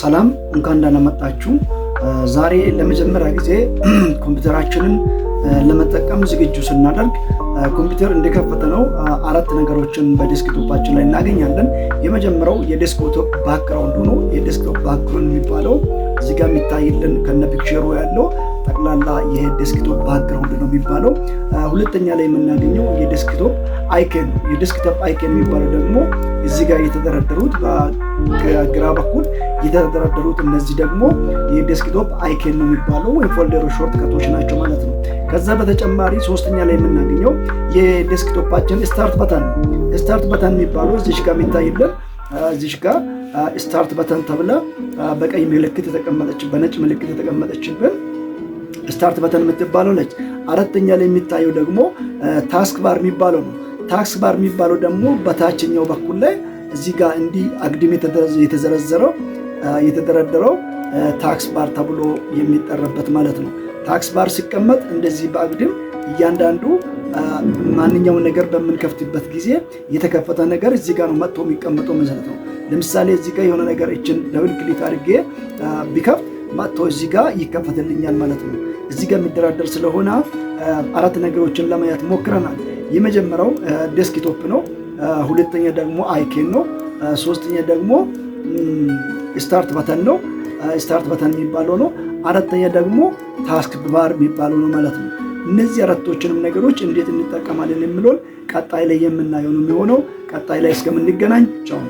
ሰላም እንኳን እንዳመጣችሁ። ዛሬ ለመጀመሪያ ጊዜ ኮምፒውተራችንን ለመጠቀም ዝግጁ ስናደርግ ኮምፒውተር እንደከፈተ ነው አራት ነገሮችን በዴስክቶፓችን ላይ እናገኛለን። የመጀመሪያው የዴስክቶፕ ባክግራውንድ ሆኖ የዴስክቶፕ ባክግራውንድ የሚባለው እዚህ ጋር የሚታይልን ከነ ፒክቸሩ ያለው ጠቅላላ የዴስክቶፕ ባክግራውንድ ነው የሚባለው። ሁለተኛ ላይ የምናገኘው የዴስክቶፕ አይከን የዴስክቶፕ አይከን የሚባለው ደግሞ እዚህ ጋር የተደረደሩት ከግራ በኩል የተደረደሩት እነዚህ ደግሞ የዴስክቶፕ አይከን ነው የሚባለው ወይም ፎልደሮ ሾርት ከቶች ናቸው ማለት ነው። ከዛ በተጨማሪ ሶስተኛ ላይ የምናገኘው የዴስክቶፓችን ስታርት በተን ስታርት በተን የሚባለው እዚሽ ጋር የሚታይልን እዚሽ ጋር ስታርት በተን ተብላ በቀይ ምልክት የተቀመጠች በነጭ ምልክት የተቀመጠችብን ስታርት በተን የምትባለው ነች። አራተኛ ላይ የሚታየው ደግሞ ታስክ ባር የሚባለው ነው። ታስክ ባር የሚባለው ደግሞ በታችኛው በኩል ላይ እዚህ ጋር እንዲህ አግድም የተዘረዘረው የተደረደረው ታክስ ባር ተብሎ የሚጠራበት ማለት ነው። ታክስ ባር ሲቀመጥ እንደዚህ በአግድም እያንዳንዱ ማንኛውን ነገር በምንከፍትበት ጊዜ የተከፈተ ነገር እዚህ ጋር ነው መጥቶ የሚቀመጠው መሰረት ነው። ለምሳሌ እዚህ ጋር የሆነ ነገር እችን ደብል ክሊክ አድርጌ ቢከፍት መጥቶ እዚህ ጋር ይከፈትልኛል ማለት ነው። እዚህ ጋር የሚደራደር ስለሆነ አራት ነገሮችን ለማየት ሞክረናል። የመጀመሪያው ዴስክቶፕ ነው። ሁለተኛ ደግሞ አይኬን ነው። ሶስተኛ ደግሞ ስታርት በተን ነው። ስታርት በተን የሚባለው ነው። አራተኛ ደግሞ ታስክ ባር የሚባለው ነው ማለት ነው። እነዚህ አራቶችንም ነገሮች እንዴት እንጠቀማለን የሚለውን ቀጣይ ላይ የምናየው ነው የሚሆነው። ቀጣይ ላይ እስከምንገናኝ ቻው።